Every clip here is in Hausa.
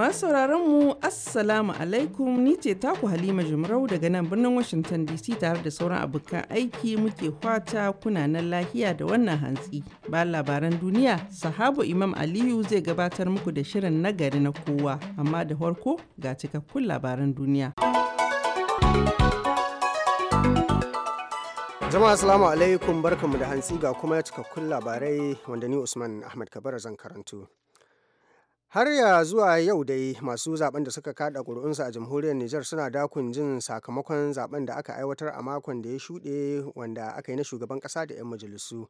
Masu sauraron mu Assalamu alaikum ni ce taku Halima Jumrau daga nan birnin Washington DC tare da sauran abokan aiki muke kwata kuna nan lahiya da wannan hantsi. Ba labaran duniya, sahabu Imam Aliyu zai gabatar muku da shirin nagari na kowa, amma da farko ga cikakkun labaran duniya. Jama'a Assalamu alaikum barkanmu da hantsi ga kuma cikakkun labarai wanda ni Usman Ahmad Kabara zan karantu. har ya zuwa yau dai masu zaben da suka kada ƙuri'unsu a jamhuriyar Nijar suna dakun jin sakamakon zaben da aka aiwatar a makon da ya shuɗe wanda aka yi na shugaban ƙasa da 'yan majalisu.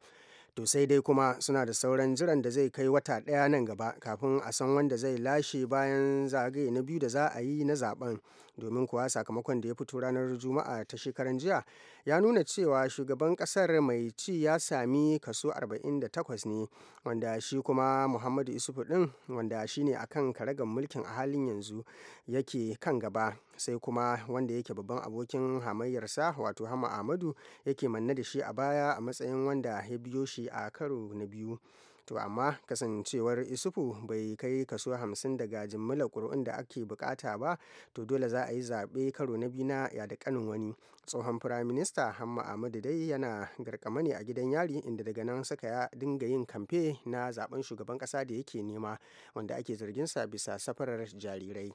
To sai dai kuma suna da sauran jiran da zai kai wata ɗaya nan gaba kafin a san wanda zai lashe bayan zagaye na biyu da za a yi na zaben domin kuwa sakamakon da ya fito ranar juma'a ta shekaran jiya ya nuna cewa shugaban kasar mai ci ya sami kaso 48 ne wanda shi kuma muhammadu isufu din wanda shi ne akan karagan mulkin a halin yanzu yake kan gaba sai kuma wanda yake babban abokin hamayyarsa wato hama ahmadu yake manne da shi a baya a matsayin wanda ya biyo shi a karo na biyu to amma kasancewar isufu bai kai kaso hamsin daga jimmila kur'un da ake bukata ba to dole za a yi zaɓe karo na biyu na ya da kanin wani tsohon firaminista hamma ahmadu dai yana garkama ne a gidan yari inda daga nan suka ya dinga yin kamfe na zaben shugaban ƙasa da yake nema wanda ake zargin sa bisa safarar jarirai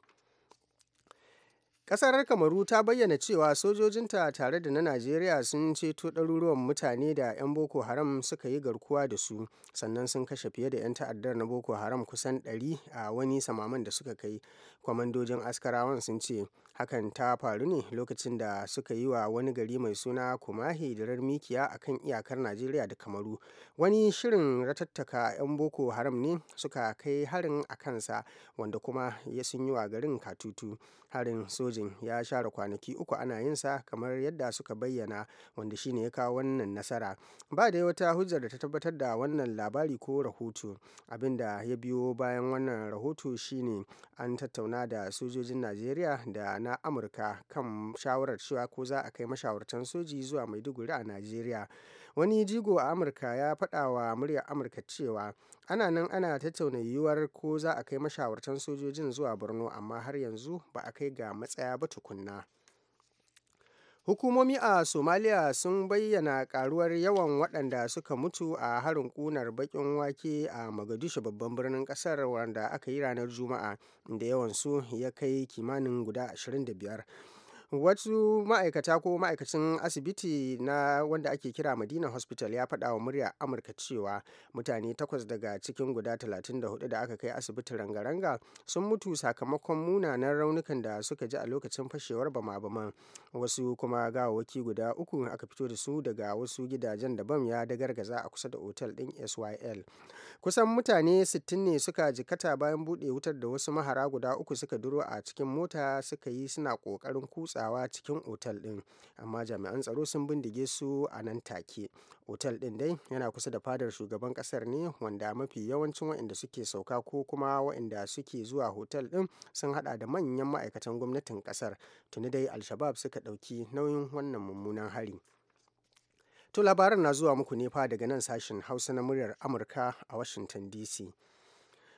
Ƙasar Kamaru ta bayyana cewa sojojinta tare da na Najeriya sun ceto ɗaruruwan mutane da 'yan Boko Haram suka yi garkuwa da su sannan sun kashe fiye da 'yan ta'addar na Boko Haram kusan 100 a wani samaman da suka kai. Kwamandojin Askarawan sun ce hakan ta faru ne lokacin da suka yi wa wani gari mai suna kumahi dirar mikiya a kan iyakar najeriya da kamaru wani shirin ratattaka 'yan boko haram ne suka kai harin a kansa wanda kuma ya sun yi wa garin katutu harin sojin ya share kwanaki uku ana yinsa kamar yadda suka bayyana wanda shine ya kawo wannan nasara ba da wata hujjar da ta tabbatar da wannan labari ko rahoto abinda ya biyo bayan wannan rahoto shine an tattauna da sojojin najeriya da na amurka kan shawarar cewa ko za a kai mashawartan soji zuwa maiduguri a najeriya wani jigo a amurka ya faɗa wa muryar amurka cewa ana nan ana tattauna yiwuwar ko za a kai mashawartan sojojin zuwa borno amma har yanzu ba a kai ga matsaya ba tukunna Hukumomi a Somaliya sun bayyana karuwar yawan waɗanda suka mutu a harin ƙunar baƙin wake a Mogadishu babban birnin ƙasar wanda aka yi ranar Juma'a, inda su ya kai kimanin guda 25. wasu ma'aikata ko ma'aikacin asibiti na wanda ake kira madina hospital ya faɗa wa murya amurka cewa mutane takwas daga cikin guda 34 da aka kai asibitin ranga-ranga sun mutu sakamakon munanan raunukan da suka ji a lokacin fashewar bama-baman wasu kuma gawawaki guda uku aka fito da su daga wasu gidajen da bam ya gargaza a kusa da otal ɗin syl kusan mutane 60 ne suka jikata bayan buɗe wutar da wasu mahara guda uku suka duro a cikin mota suka yi suna ƙoƙarin kutsa tsawa cikin otal din amma jami'an tsaro sun bindige su a nan take otal din dai yana kusa da fadar shugaban kasar ne wanda mafi yawancin waɗanda suke sauka ko kuma waɗanda suke zuwa otal din sun haɗa da manyan ma'aikatan gwamnatin kasar tuni dai alshabab suka ɗauki nauyin wannan mummunan hari. To labaran na zuwa muku ne fa daga nan sashen Hausa na muryar Amurka a Washington DC.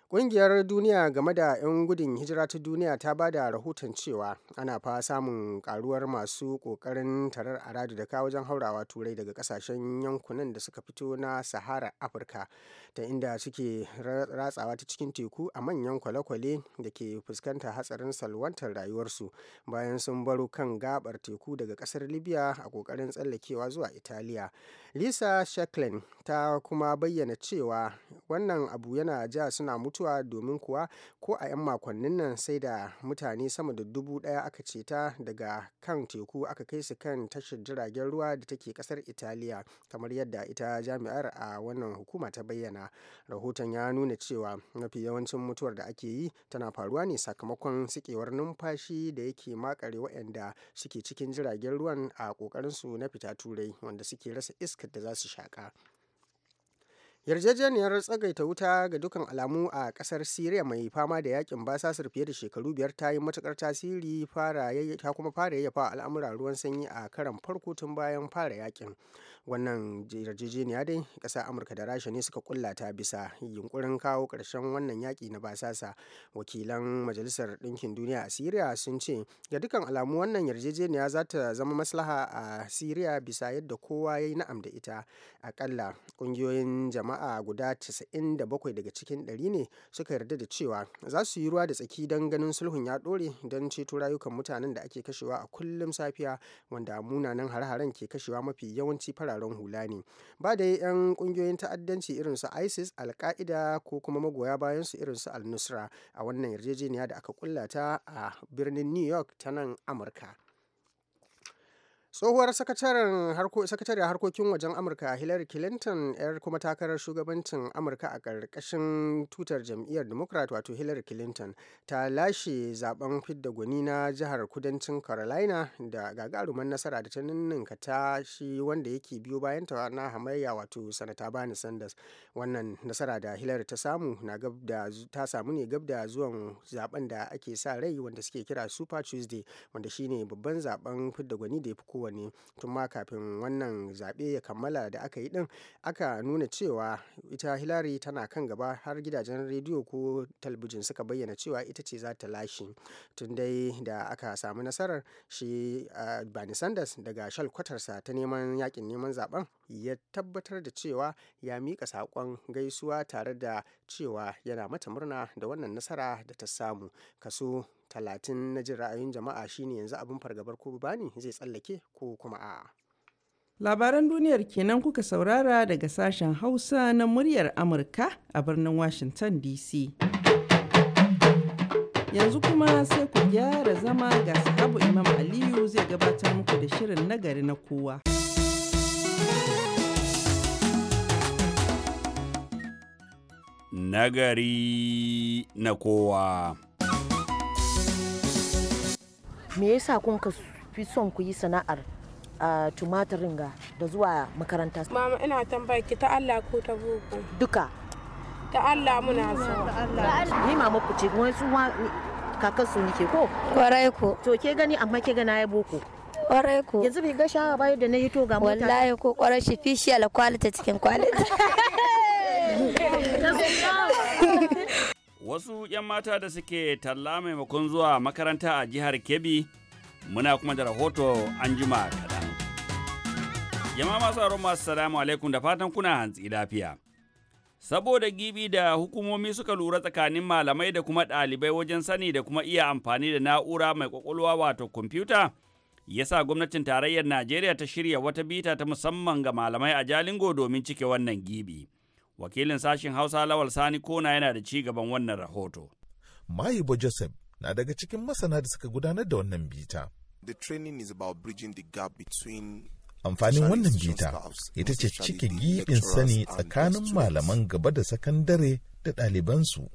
Ƙungiyar Duniya game da 'yan gudun hijira ta duniya ta ba da rahoton cewa ana fa samun karuwar masu ƙoƙarin tarar a da kawo wajen haurawa turai daga ƙasashen yankunan da suka fito na Saharar Afirka. ta inda suke ratsawa ta cikin teku a manyan kwale-kwale da ke fuskanta hatsarin salwantar rayuwarsu bayan sun baro kan gabar teku daga kasar libya a kokarin tsallakewa zuwa italiya lisa shacklin ta kuma bayyana cewa wannan abu yana ja suna mutuwa domin kuwa ko a 'yan makonnin nan sai da mutane sama da dubu daya aka ceta daga kan teku aka kai su kan tashar jiragen ruwa da take kasar italiya kamar yadda ita jami'ar a wannan hukuma ta bayyana rahoton ya nuna cewa mafi yawancin mutuwar da ake yi tana faruwa ne sakamakon sikewar numfashi da yake makare waɗanda suke cikin jiragen ruwan a ƙoƙarinsu na fita turai wanda suke rasa iskar da za su shaƙa yarjejeniyar tsagaita wuta ga dukkan alamu a kasar syria mai fama da yakin basasar fiye da shekaru biyar ta yi matukar tasiri ta kuma fara yayyafa al'amura ruwan sanyi a karan farko tun bayan fara yakin wannan yarjejeniya dai ƙasa amurka da rasha ne suka kulla ta bisa yunkurin kawo ƙarshen wannan yaƙi na basasa wakilan majalisar ɗinkin duniya a syria sun ce ga dukkan alamu wannan yarjejeniya za ta zama maslaha a syria bisa yadda kowa ya yi na'am da ita akalla ƙungiyoyin jama'a guda 97 daga cikin 100 ne suka yarda da cewa za su yi ruwa da tsaki don ganin sulhun ya ɗore don ceto rayukan mutanen da ake kashewa a kullum safiya wanda munanan hare-haren ke kashewa mafi yawanci fara fararen hula ne ba da 'yan kungiyoyin ta'addanci irin su isis alka'ida ko kuma magoya bayan su irin su al-nusra a wannan yarjejeniya da aka kullata a birnin new york ta nan amurka Tsohuwar sakatare harkokin wajen Amurka Hillary Clinton 'yar kuma takarar shugabancin Amurka a ƙarƙashin tutar jam'iyyar Democrat wato Hillary Clinton ta lashe zaben fidda gwani na jihar kudancin Carolina da gagaruman nasara da ta ninninka ta shi wanda yake biyo bayan ta na hamayya wato Sanata Bernie Sanders. Wannan nasara da Hillary ta samu na gab da ta samu ne gab da zuwan zaben da ake sa rai wanda suke kira Super Tuesday wanda shine babban zaben fidda gwani da ya fi kowa kowane tun ma kafin wannan zaɓe ya kammala da aka yi ɗin aka nuna cewa ita hilari tana kan gaba har gidajen rediyo ko talbijin suka bayyana cewa ita ce za ta lashe tun dai da aka samu nasarar shi bernie sanders daga kwatarsa ta neman yakin neman zaben ya tabbatar da cewa ya mika saƙon gaisuwa tare da cewa yana mata murna da wannan nasara da ta samu kaso talatin na jin ra'ayin jama'a shine yanzu abin fargabar ko bani zai tsallake ko kuma a'a. Labaran duniyar kenan kuka saurara daga sashen Hausa na muryar Amurka a birnin Washington DC. Yanzu kuma sai ku gyara zama ga sahabu Imam Aliyu zai gabatar muku da shirin nagari na kowa. Nagari na kowa. me yasa kun ka fi son ku yi sana'ar a tumatirin ga da zuwa makaranta mama ina tambaya ki ta Allah ko ta boko duka ta Allah muna so ni mama ku ce wani suwa kakan su nike ko kwarai ko to ke gani amma ke gana ya boko kwarai ko yanzu bai ga ba bayan da na hito ga mutane wallahi ko kwarai shi fi shi alƙwalita cikin kwalita. wasu 'yan mata da suke talla maimakon zuwa makaranta a jihar Kebbi muna kuma da rahoto an jima kaɗan. Yama masu aron masu salamu alaikum da fatan kuna hantsi lafiya. Saboda gibi da hukumomi suka lura tsakanin malamai da kuma ɗalibai wajen sani da kuma iya amfani da na'ura mai kwakwalwa wato kwamfuta, yasa gwamnatin tarayyar Najeriya ta shirya wata bita ta musamman ga malamai a Jalingo domin cike wannan gibi. wakilin sashen hausa lawal sani kona yana da ci gaban wannan rahoto mayibo joseph na daga cikin masana da suka gudanar da wannan bita the training is about bridging the gap between amfanin wannan bita ita ce cike giɓin sani tsakanin malaman gaba da sakandare da ɗalibansu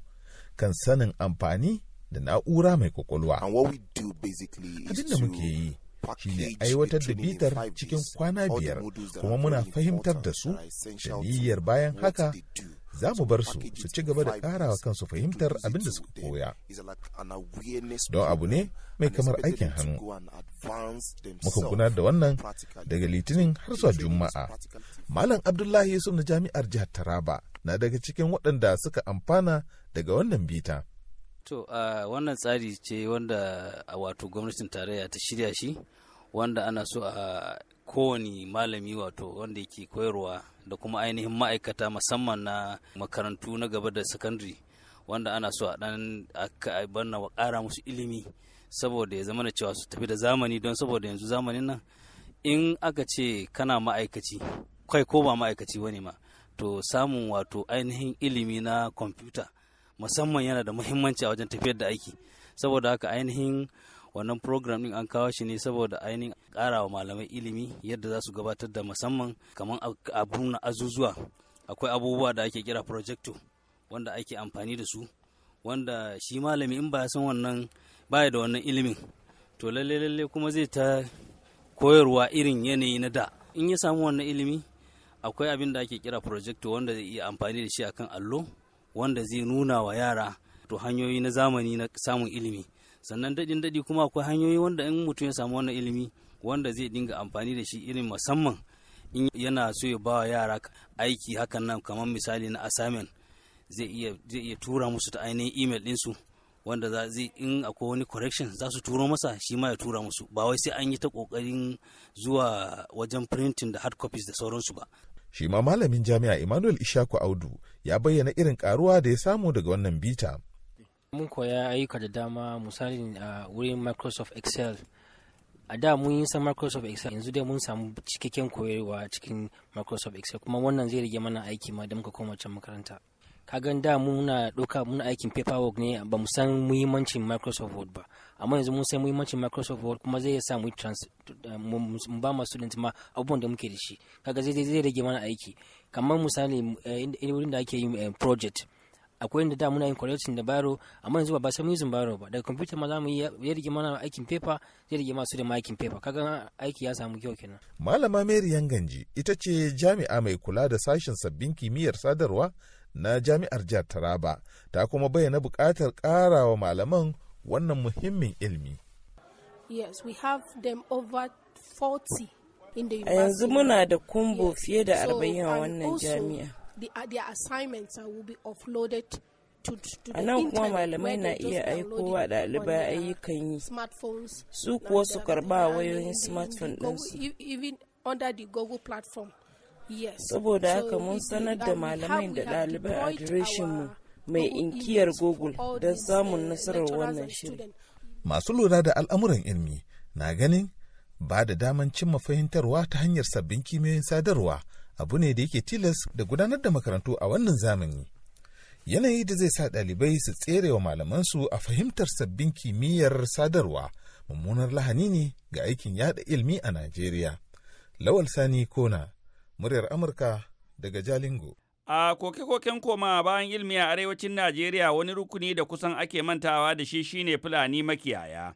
kan sanin amfani da na'ura mai kwakwalwa. Abin da muke yi shine aiwatar da bitar cikin kwana biyar kuma muna fahimtar da su da niyyar bayan haka za mu bar su su ci gaba da ƙarawa kansu fahimtar abin da suka koya don abu ne mai kamar aikin hannu muka gudanar da wannan daga litinin har zuwa juma'a malam abdullahi yusuf na jami'ar jihar taraba na daga cikin waɗanda suka amfana daga wannan bita To wannan tsari ce wanda a wato gwamnatin tarayya ta shirya shi wanda ana so a kowane malami wato wanda yake koyarwa da kuma ainihin ma'aikata musamman na makarantu na gaba da sakandare wanda ana so a dan banna wa kara musu ilimi saboda ya zama da cewa su tafi da zamani don saboda yanzu zamanin nan in aka ce kana ma'aikaci kai ko ba ma'aikaci wani ma to samun wato ainihin ilimi na kwamfuta musamman yana da muhimmanci a wajen tafiyar da aiki saboda haka ainihin wannan program din an kawo shi ne saboda ainihin karawa malamai ilimi yadda za su gabatar da musamman kamar abu na azuzuwa akwai abubuwa da ake kira projecto wanda ake amfani da su wanda shi malami in ba ya san wannan baya da wannan ilimin to lalle lalle kuma zai ta koyarwa irin yanayi na da in ya samu wannan ilimi akwai abin da ake kira projecto wanda zai iya amfani da shi akan allo wanda zai nuna wa yara to hanyoyi na zamani na samun ilimi sannan dadin dadi kuma akwai hanyoyi wanda in mutum ya samu wannan ilimi wanda zai dinga amfani da shi irin musamman in yana so ya ba yara aiki hakan nan kamar misali na assignment zai iya zai iya tura musu ta ainihin email ɗinsu wanda za zai in akwai wani correction za su turo masa shi ma ya tura musu ba wai sai an yi ta kokarin zuwa wajen printing da hard copies da sauransu ba Shi ma malamin jami'a Emmanuel Ishaku Audu ya bayyana irin karuwa da ya samu daga wannan bita. Mun koya ayyuka da dama misali a wurin Microsoft Excel. A da mun yi san Microsoft Excel yanzu dai mun samu cikakken koyarwa cikin Microsoft Excel kuma wannan zai rage mana aiki ma da muka koma can makaranta. Kagan da muna ɗauka muna aikin paperwork ne ba mu san muhimmancin Microsoft Word ba. amma yanzu mun sai muhimmancin microsoft word kuma zai sa mu eh, mu ba ma student ma abubuwan da muke da shi kaga zai zai rage mana aiki kamar misali eh, wurin da ake yin eh, project akwai inda da muna yin correcting da baro amma yanzu ba sai mu using baro ba daga computer ma mu yi ya mana aikin paper zai rage mana masu ma aikin paper kaga aiki ya samu kyau kenan malama Mary Yanganji ita ce jami'a mai kula da sashen sabbin kimiyyar sadarwa na jami'ar jihar Taraba ta kuma bayyana buƙatar ƙarawa malaman wannan muhimmin ilmi. we have them over A yanzu muna da kumbo fiye da arba'in a wannan jami'a. Uh, a nan kuma malamai na iya aikowa ɗalibai ayyukan yi su kuwa su a wayoyin smartphone ɗinsu e, saboda haka mun sanar da malamai da ɗalibai a mu. mai inkiyar google don samun nasarar wannan shirin. masu lura da al'amuran ilmi na ganin ba da daman cimma fahimtarwa ta hanyar sabbin kimiyoyin sadarwa abu ne da yake tilas da gudanar da makarantu a wannan zamani yanayi da zai sa ɗalibai su tsere tserewa malamansu a fahimtar sabbin kimiyyar sadarwa mummunar lahani ne ga aikin yada ilmi a najeriya lawal sani kona muryar amurka daga jalingo A koke-koken koma bayan ilmi a arewacin Najeriya wani rukuni da kusan ake mantawa da shi shine Fulani makiyaya.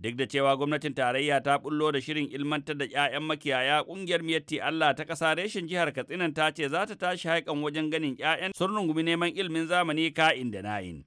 Duk da cewa gwamnatin tarayya ta bullo da shirin ilmantar da 'ya'yan makiyaya ƙungiyar miyatti Allah ta ƙasa reshen jihar Katsina ta ce za ta tashi haikan wajen ganin 'ya'yan sun rungumi neman ilmin zamani ka'in da na'in.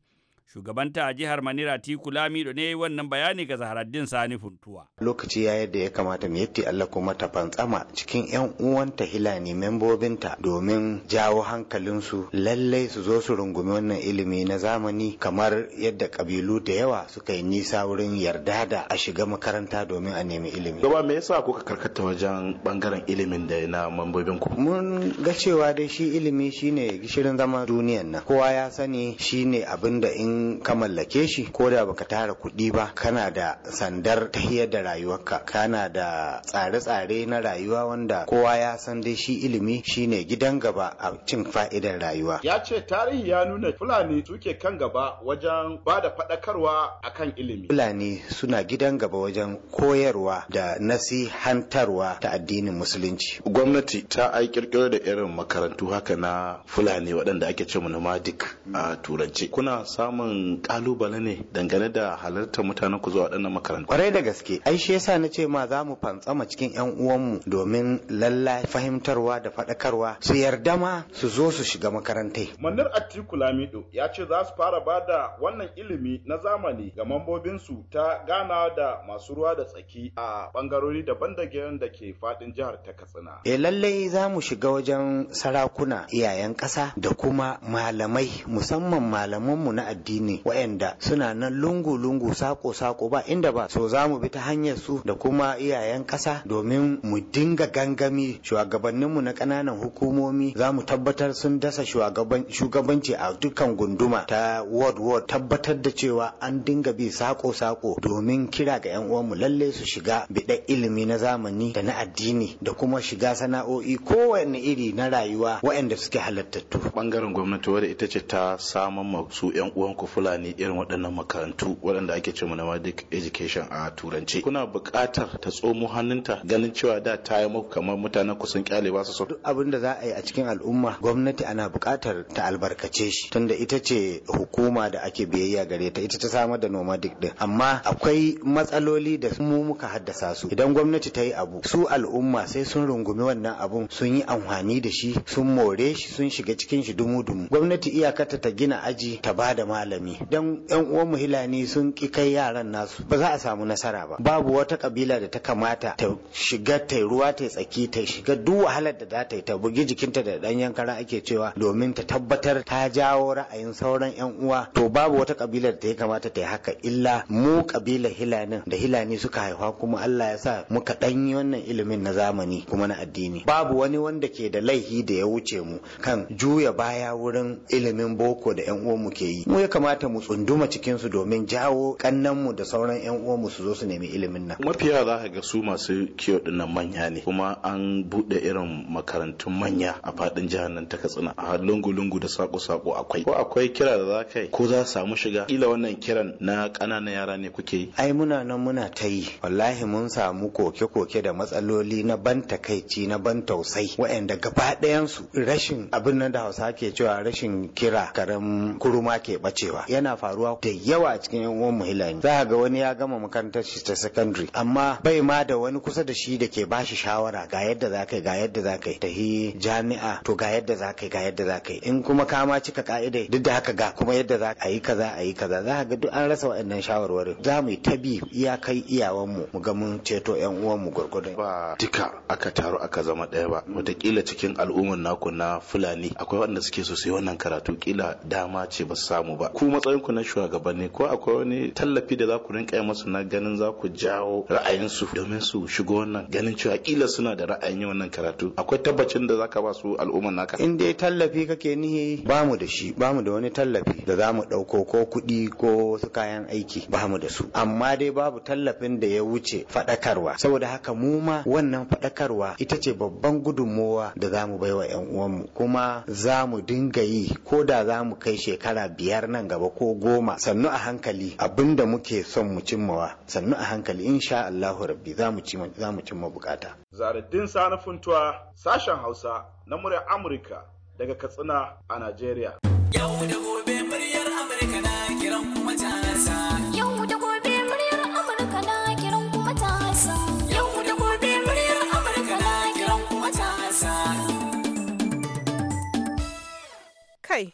shugabanta a jihar manira tiku lamido ne wannan bayani ga zaharaddin sani funtuwa lokaci ya yadda ya kamata mu yatti allah kuma ta fantsama cikin yan uwanta hilani membobinta domin jawo hankalinsu lallai su zo su rungumi wannan ilimi na zamani kamar yadda kabilu da yawa suka yi nisa wurin yarda da a shiga makaranta domin a nemi ilimi gaba me yasa kuka karkata wajen bangaren ilimin da na membobin ku mun ga cewa dai shi ilimi shine gishirin zama duniyan nan kowa ya sani shine abin da in in ka mallake shi ko da baka tara kuɗi ba kana da sandar tahiyar da rayuwarka kana da tsare-tsare na rayuwa wanda kowa ya san dai shi ilimi shine gidan gaba a cin fa'idar rayuwa ya ce tarihi ya nuna fulani suke kan gaba wajen ba da faɗakarwa akan ilimi fulani suna gidan gaba wajen koyarwa da nasihantarwa ta addinin musulunci gwamnati ta ai kirkiro da irin makarantu haka na fulani waɗanda ake ce nomadic a turance kuna samun samun kalubale ne dangane da halartar mutanen ku zuwa waɗannan makarantu kwarai da gaske ai shi yasa na ce ma za mu fantsama cikin yan uwanmu domin lalla fahimtarwa da faɗakarwa su yarda ma su zo su shiga makarantai manar atiku lamido ya ce za su fara ba da wannan ilimi na zamani ga mambobinsu ta gana da masu ruwa da tsaki a bangarori daban-daban da ke faɗin jihar ta katsina eh lallai za mu shiga wajen sarakuna iyayen ƙasa da kuma malamai musamman malamanmu na addini addini waɗanda suna nan lungu-lungu sako-sako ba inda ba so za mu bi ta hanyar su da kuma iyayen ƙasa domin mu dinga gangami shugabanninmu na ƙananan hukumomi za mu tabbatar sun dasa shugabanci a dukkan gunduma ta ward ward tabbatar da cewa an dinga bi sako-sako domin kira ga 'yan uwanmu lalle su shiga biɗa ilimi na zamani da na addini da kuma shiga sana'o'i kowane iri na rayuwa waɗanda suke halattattu. Bangaren gwamnati wadda ita ce ta samun masu 'yan uwan ku fulani irin waɗannan makarantu waɗanda ake cewa na Madic Education a turance kuna buƙatar ta tsomo hannunta ganin cewa da ta yi muku kamar mutanen ku sun kyale ba su so duk abin da za a yi a cikin al'umma gwamnati ana buƙatar ta albarkace shi tunda ita ce hukuma da ake biyayya gare ta ita ta samar da nomadic din amma akwai matsaloli da mu muka haddasa su idan gwamnati ta yi abu su al'umma sai sun rungumi wannan abun sun yi amfani da shi sun more shi sun shiga cikin shi dumu-dumu gwamnati iyakarta ta gina aji ta bada da alami dan yan uwan muhilani sun ki kai yaran nasu ba za a samu nasara ba babu wata kabila da ta kamata ta shiga ta ruwa ta tsaki ta shiga duk wahalar da za ta yi ta bugi jikinta da danyen kara ake cewa domin ta tabbatar ta jawo ra'ayin sauran yan uwa to babu wata kabila da ta ya kamata ta yi haka illa mu kabila hilanin da hilani suka haifa kuma Allah ya sa muka yi wannan ilimin na zamani kuma na addini babu wani wanda ke da laifi da ya wuce mu kan juya baya wurin ilimin boko da yan uwanmu ke yi mu ya kamata mu tsunduma cikin su domin jawo mu da sauran yan uwanmu su zo su nemi ilimin nan mafiya za ka ga su masu kiyo dinnan manya ne kuma an bude irin makarantun manya a fadin jihar nan ta Katsina a lungu-lungu da sako-sako akwai ko akwai kira da za ka yi ko za samu shiga kila wannan kiran na kananan yara ne kuke yi ai muna nan muna ta yi wallahi mun samu koke-koke da matsaloli na ban takaici na ban tausai waɗanda gaba ɗayan su rashin abin nan da Hausa ke cewa rashin kira karam kuruma ke bace yana faruwa da yawa a cikin yan uwan muhilani. Za za ga wani ya gama makarantar shi ta secondary amma bai ma da wani kusa da shi da ke ba shi shawara ga yadda za ka yi ga yadda za ka yi tahi jami'a to ga yadda za ka yi ga yadda za ka yi in kuma ka ma cika ka'ida duk da haka ga kuma yadda za a yi kaza a yi kaza za ga duk an rasa waɗannan shawarwari. za mu yi ta bi iyakai iyawanmu mu ga mun ceto yan uwanmu gurgurdan ba duka aka taru aka zama ɗaya ba wataƙila cikin al'ummar naku na fulani akwai wanda suke so su yi wannan karatu kila dama ce ba su samu ba ku ku na shugabanni ko akwai wani tallafi da za ku rinka yi masu na ganin za ku jawo ra'ayinsu domin su shigo wannan ganin cewa kila suna da ra'ayin wannan karatu akwai tabbacin da zaka ba su al'umman naka in dai tallafi kake nihi ba mu da shi ba mu da wani tallafi da za mu ɗauko ko kuɗi ko su kayan aiki ba mu da su amma dai babu tallafin da ya wuce faɗakarwa saboda haka mu ma wannan faɗakarwa ita ce babban gudunmowa da za mu baiwa 'yan uwanmu kuma za mu dinga yi ko da za mu kai shekara biyar nan gaba ko goma sannu a hankali Abinda muke son mu cimmawa sannu a hankali insha Allahu rabbi za mu cimma bukata. Zaradin Sani Funtuwa sashen Hausa na muryar Amurka daga Katsina a Najeriya. Yau da gobe Kai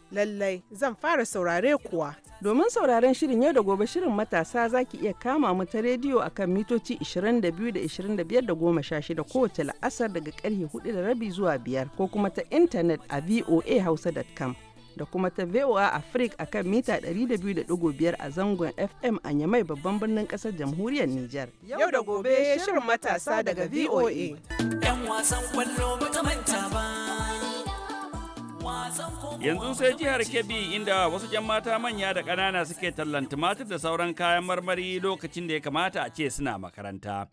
lallai zan fara saurare kuwa. Domin sauraren shirin yau da gobe shirin matasa za ki iya kama mu ta rediyo a kan mitoci 22 da 25 da 16 kowace la'asar daga karfe 4 da rabi zuwa biyar ko kuma ta intanet a voahausa.com da kuma ta VOA Africa kan mita 200.5 a zangon FM a Nyamai babban birnin kasar jamhuriyar Nijar. Yau da gobe shirin matasa daga VOA. 'Yan wasan kwallo ba manta ba. Yanzu sai jihar Kebbi inda wasu jan mata manya da ƙanana suke tallan tumatir da sauran kayan marmari lokacin da ya kamata a ce suna makaranta.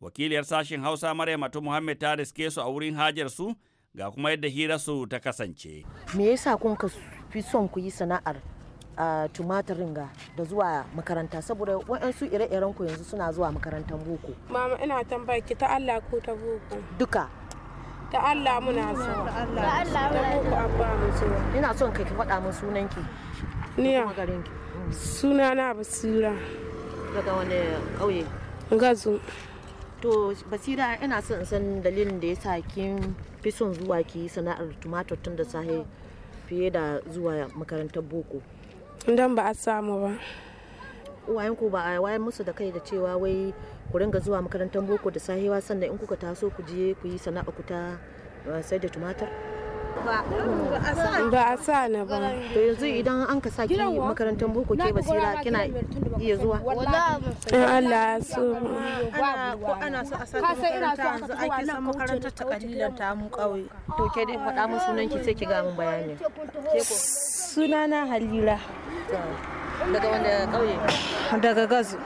Wakiliyar sashen Hausa Maryam Atu Muhammad ta riske su a wurin hajar su ga kuma yadda hirarsu ta kasance. Me yasa kun ka fi son ku yi sana'ar a tumatirin ga da zuwa makaranta saboda waɗansu ire-iren ku yanzu suna zuwa makarantar boko. Mama ina tambaya ki ta Allah ko ta boko. Duka. da Allah muna so da Allah muna so ina son kai ki faɗa min ki. niya mm. sunana basira daga wani ƙauye gazu to basira ina son san dalilin da ya sa kin fi son zuwa ki sana'ar tumatur tun da sahe fiye da zuwa makarantar boko dan ba a samu ba wayan ku ba a wayan musu da kai da cewa wai ku ringa zuwa makarantar boko da sahewa sannan in kuka taso ku je ku yi sana'a ku ta uh, sai da tumatir ba a sa na ba to yanzu idan an ka saki makarantar boko ke basira kina iya zuwa in Allah ya so ko ana so a sa makarantar yanzu ake san makarantar ta kadilan ta mu kauye to ke dai faɗa mun sunan ki sai ki ga mun bayani sunana Halila daga wanda kauye daga Gazu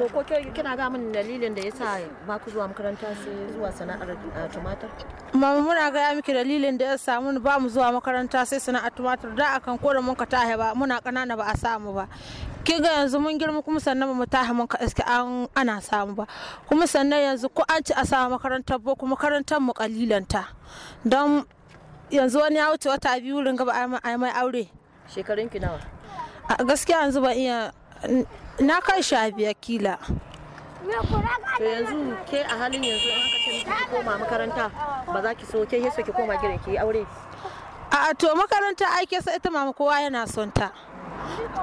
to ko kina ga min dalilin da yasa ba ku zuwa makaranta sai zuwa sana'ar ah, tumatir mama muna ga ya miki dalilin da ya samu ba mu zuwa makaranta sai sana'ar tumatir da akan ko mun ka tahe ba muna kanana ba a samu ba kin ga yanzu mun girma kuma sannan mu tahi mun ka iske an ana samu ba kuma sannan yanzu ko an ci a samu makarantar ba kuma makarantar mu kalilanta don yanzu wani ya wuce wata biyu ringa ba a mai aure shekarun ki nawa a gaskiya yanzu ba iya na kai sha biyar kila to yanzu ke a halin yanzu in aka ce miki koma makaranta ba za ki so ke ke so ki koma gidan ki aure a to makaranta ai ke sa ita mama kowa yana son ta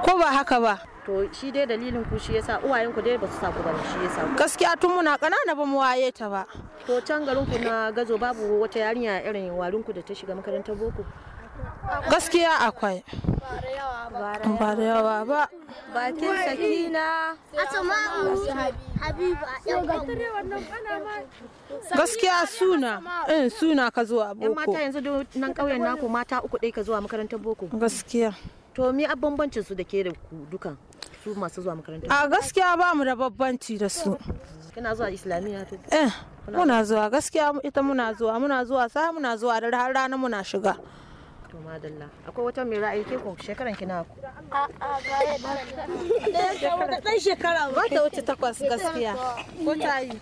ko ba haka ba to shi dai dalilin ku shi yasa uwayen ku dai ba su sa ku ba shi yasa gaskiya tun muna kanana ba mu waye ta ba to can garin ku na gazo babu wata yarinya irin warin ku da ta shiga makarantar boko gaskiya akwai ba da yawa ba bakin sakina gaskiya suna in eh, suna ka zuwa boko yan mata yanzu nan ƙauyen naku mata uku ɗai ka zuwa makarantar boko gaskiya to mi a bambancin su da ke da ku dukan su masu zuwa makarantar a gaskiya ba mu da bambanci da su kana zuwa islamiyya to eh muna zuwa gaskiya ita muna zuwa muna zuwa sa muna zuwa da har rana muna shiga to madalla akwai wata mai ra'ayi ke ko shekaran ki nawa ba ta shekara ba ta wuce takwas gaskiya ko ta yi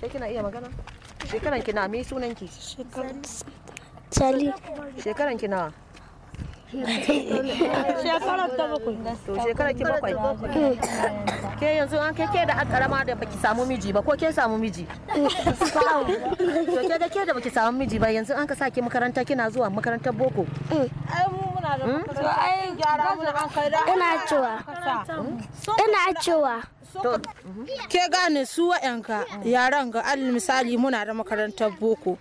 kai kina iya magana shekaran ki me sunan ki shekaran Charlie shekaran ki nawa shekara ta bakwai to shekara ki bakwai ke yanzu an ke ke da da baki samu miji ba ko ke samu miji to ke da ke da baki samu miji ba yanzu an ka saki makaranta kina zuwa makarantar boko ai ina cewa ina cewa ke gane su wa'yanka yaran ga al misali muna da makarantar boko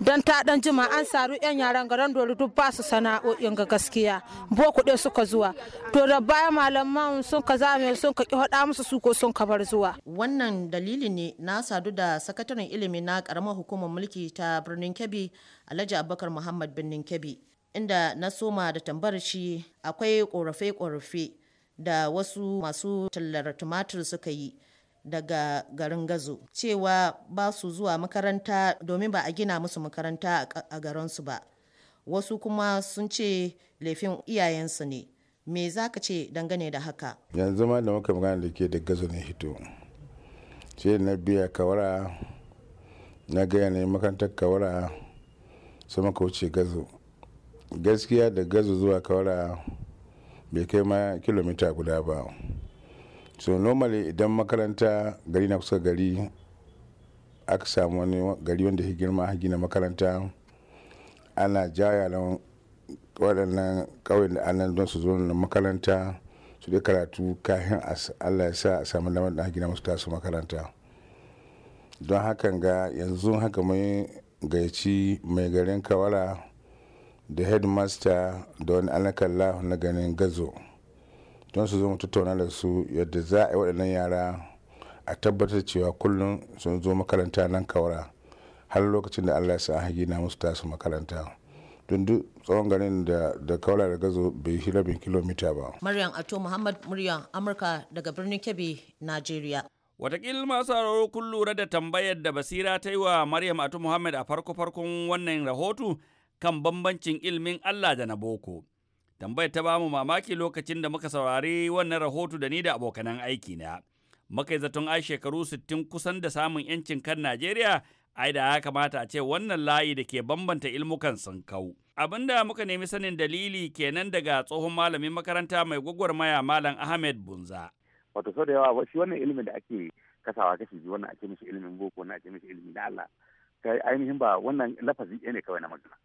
don ta dan jima an saru yan yaran ga ran dole duk ba su sana'o'in ga gaskiya boko ɗaya suka zuwa to da baya malaman sun ka zame sun ka hada musu su ko sun ka bar zuwa wannan dalili ne na sadu da sakataren ilimi na karamar hukumar mulki ta birnin kebbi alhaji abubakar muhammad birnin kebbi inda na soma da tambar shi akwai korafe-korafe da wasu masu tallar tumatir suka yi daga garin gazo cewa ba su zuwa makaranta domin ba a gina musu makaranta a garinsu ba wasu kuma sun ce laifin iyayensu ne me za ka ce dangane da haka yanzu ma da muka magana da ke da gazo ne hito ce na biya kawara na gaya ne makarantar kawara sama ka wuce gazo gaskiya da gazo zuwa kawara bai kai ma kilomita guda ba so normally idan makaranta gari na kusa gari aka samu wani gari wanda ya girma a gina makaranta ana jaya na waɗannan ƙauyen da anan don su zo na makaranta su dai karatu kahin allah ya sa a samu lamar da gina musu tasu makaranta don hakan ga yanzu haka mai gaici mai garin kawara da headmaster da wani alakalla na ganin gazo don su zo mu tattauna da su yadda za a yi waɗannan yara a tabbatar cewa kullum sun zo makaranta nan kawara har lokacin da allah sa hagi na musu tasu makaranta don duk tsawon garin da kaula da gazo bai yi rabin kilomita ba maryam ato muhammad muryan amurka daga birnin kebbi nigeria watakila masu sauraro kun lura da tambayar da basira ta yi wa Maryam Atu Muhammad a farko-farkon wannan rahoto kan bambancin ilmin Allah da na boko. Tambayar ta bamu mamaki lokacin da muka saurari wannan rahoto da ni da abokanan aiki na. Muka yi zaton ai shekaru sittin kusan da samun 'yancin kan Najeriya, ai da ya kamata a ce wannan layi da ke bambanta ilmukan sun kau. da muka nemi sanin dalili kenan daga tsohon malamin makaranta mai gwagwarmaya Malam Ahmed Bunza. Wato sau da yawa shi wannan ilimin da ake kasawa kashi biyu wannan ake mishi ilimin boko wannan ake mishi ilimin da Allah. Kai ainihin ba wannan lafazi ne kawai na magana.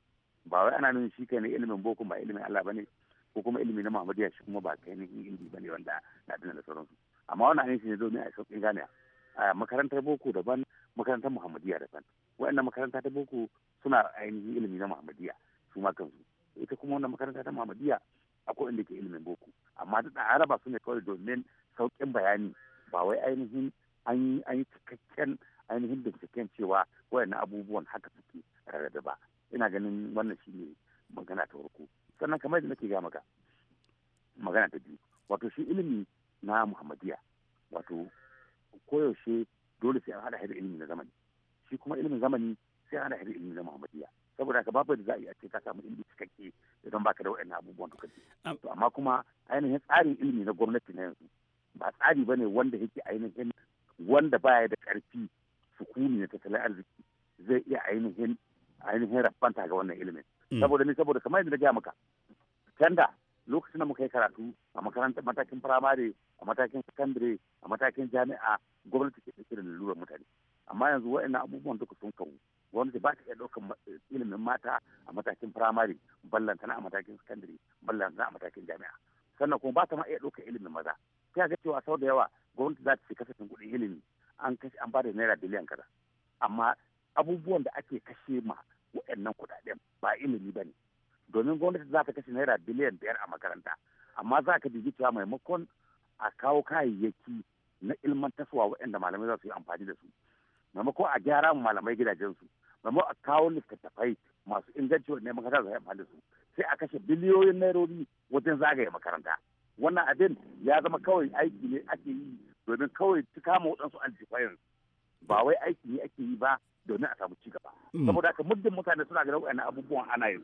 ba wai ana nuna shi kai ilimin boko ba ilimin Allah bane ko kuma ilimi na Muhammadiyya shi kuma ba kai ne indi bane wanda na dana da sauransu amma wannan ne shi ne domin a sauƙin gane a makarantar boko daban makarantar Muhammadiyya daban wa'annan makaranta ta boko suna ainihin ilimi na Muhammadiyya su ma kansu ita kuma wannan makaranta ta Muhammadiyya akwai inda ke ilimin boko amma da araba su ne kawai domin sauƙin bayani ba wai ainihin an yi cikakken ainihin binciken cewa wayannan abubuwan haka suke rarrabe ba ina ganin wannan shi ne magana ta farko sannan kamar yadda nake ga magana ta biyu wato shi ilimi na muhammadiya wato koyaushe dole sai an hada hada ilimi na zamani shi kuma ilimin zamani sai an hada hada ilimi na muhammadiya saboda haka babu da za a yi a ce ka samu ilimi cikakke idan ba ka da waɗannan abubuwan kake to amma kuma ainihin tsarin ilimi na gwamnati na yanzu ba tsari ba ne wanda yake ainihin wanda baya da ƙarfi sukuni na tattalin arziki zai iya ainihin ainihin rabanta ga wannan ilimin mm. saboda ni saboda kamar yadda na gaya maka tanda lokacin da muka yi karatu a makarantar matakin firamare a matakin sakandare a matakin jami'a gwamnati ke ɗauke da lalurar mutane amma yanzu wa'annan abubuwan duka sun kawo gwamnati ba ta iya ɗaukar ilimin mata a matakin firamare na a matakin sakandare ballantana a matakin jami'a sannan kuma ba ta ma iya ɗaukar ilimin maza sai ga cewa sau da yawa gwamnati za ta ce kasafin kuɗin ilimi an kashe an ba da naira biliyan kaza amma abubuwan da ake kashe ma waɗannan kuɗaɗen ba ilimi ba ne domin gwamnati za ta kashe naira biliyan biyar a makaranta amma za ka bibi cewa maimakon a kawo kayayyaki na ilmantarwa waɗanda malamai za su yi amfani da su maimakon a gyara malamai gidajensu maimakon a kawo littattafai masu inganci neman kasa za su amfani da su sai a kashe biliyoyin nairobi wajen zagaye makaranta wannan abin ya zama kawai aiki ne ake yi domin kawai cika ma waɗansu aljifayin ba wai aiki ne ake yi ba domin a samu cigaba mm. saboda haka muddin mutane suna ganin wa'annan abubuwan ana yi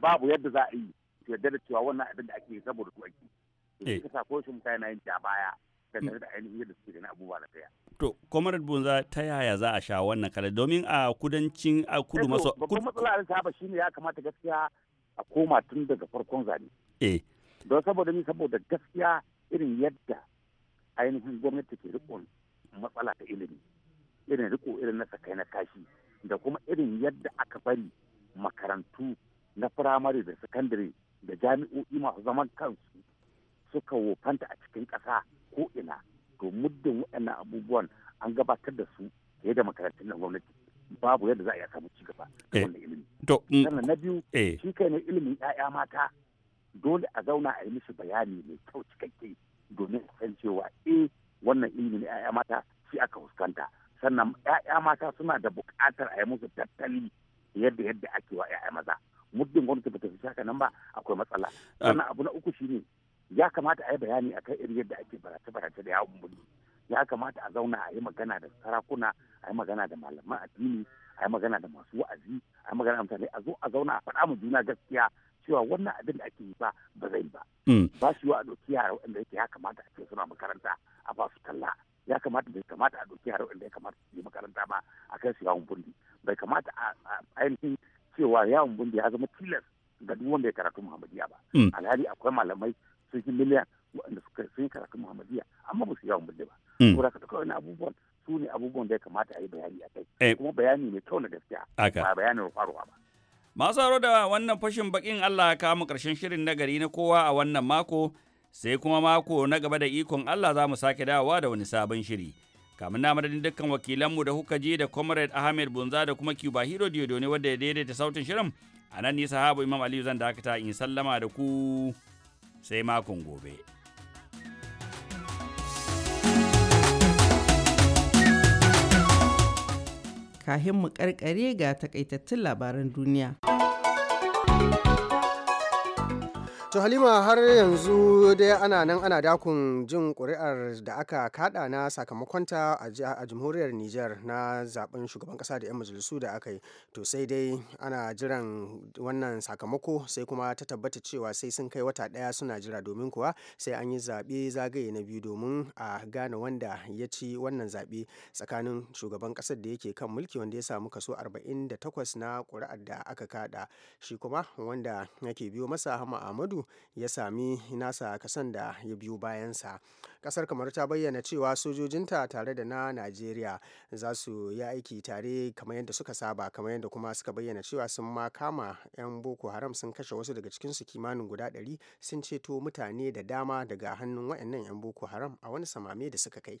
babu yadda za a yi su yadda da cewa wannan abin da ake yi saboda su ake yi kasa eh. ko shi mutane na yin ja baya mm. dangane da ainihin yadda suke ganin abubuwa na tsaya. to comrade bunza ta yaya za a sha wannan kare domin a kudancin a kudu eh, maso babban matsala da ta shine ya kamata gaskiya a koma tun daga farkon zane eh don saboda ni saboda gaskiya irin yadda ainihin gwamnati ke rikon matsala ta ilimi irin riko irin na tsakai na kashi da kuma irin yadda aka bari makarantu na firamare da sakandare da jami'o'i masu zaman kansu suka wofanta a cikin ƙasa ko ina to muddin waɗannan abubuwan an gabatar da su fiye da makarantun na gwamnati babu yadda za a iya samu ci gaba eh. mm, Sannan na biyu eh. shi kai ne ilimin 'ya'ya mata dole a zauna a yi musu bayani mai kyau cikakke domin san eh wannan ilimin 'ya'ya mata shi aka fuskanta sannan 'ya'ya mata suna da buƙatar a yi musu tattali yadda yadda ake wa 'ya'ya maza muddin gwamnati ta fi haka ba akwai matsala ah. sannan abu na uku shine ya kamata a yi bayani akan irin yadda ake barace barace da yawon mulki ya kamata a zauna a yi magana da sarakuna a yi magana da malaman addini a yi magana da masu wa'azi a yi magana da mutane a zo a zauna a faɗa mu juna gaskiya cewa wannan abin da ake yi ba ba zai ba mm. ba shi wa a ɗauki yara waɗanda yake ya kamata a ce suna makaranta a ba su talla ya kamata bai kamata a doki har wanda ya kamata su yi makaranta ba a kan su yawon bundi bai kamata a ainihin cewa yawon bundi ya zama tilas ga duk wanda ya karatu muhammadiya ba hmm. alhali akwai malamai sun yi miliyan waɗanda suka sun yi karatu muhammadiya amma ba su yawon bundi ba da ka wani abubuwan su ne abubuwan da ya kamata a yi bayani a kai eh. kuma bayani mai kyau na gaskiya ba bayanin faruwa ba masu da wannan fashin bakin Allah ya kawo mu karshen shirin nagari na kowa a wannan mako sai kuma mako na gaba da ikon Allah za mu sake dawowa da wani sabon shiri. Kamin na madadin dukkan wakilanmu da kuka je da Comrade Ahmed Bunza da kuma Cuba Hero Diodo ne wanda ya daidaita sautin shirin. A nan ni sahabu Imam Aliyu zan dakata in sallama da ku sai makon gobe. Kahin mu karkare ga takaitattun labaran duniya. To Halima har yanzu dai ana nan ana dakun jin ƙuri'ar da aka kaɗa na sakamakonta a jamhuriyar Nijar na zaben shugaban ƙasa da 'yan majalisu da aka yi. To sai dai ana jiran wannan sakamako sai kuma ta tabbata cewa sai sun kai wata ɗaya suna jira domin kuwa sai an yi zaɓe zagaye na biyu domin a gane wanda ya ci wannan zaɓe tsakanin shugaban ƙasar da yake kan mulki wanda ya samu kaso 48 na ƙuri'ar da aka kaɗa shi kuma wanda yake biyo masa Hama Ahmadu ya sami nasa kasan da ya biyo bayansa. Kasar kamar ta bayyana cewa sojojinta tare da na Najeriya za su yi aiki tare kamar yadda suka saba kamar yadda kuma suka bayyana cewa sun ma kama 'yan Boko Haram sun kashe wasu daga cikin su kimanin guda ɗari sun ceto mutane da dama daga hannun waɗannan 'yan Boko Haram a wani samame da suka kai.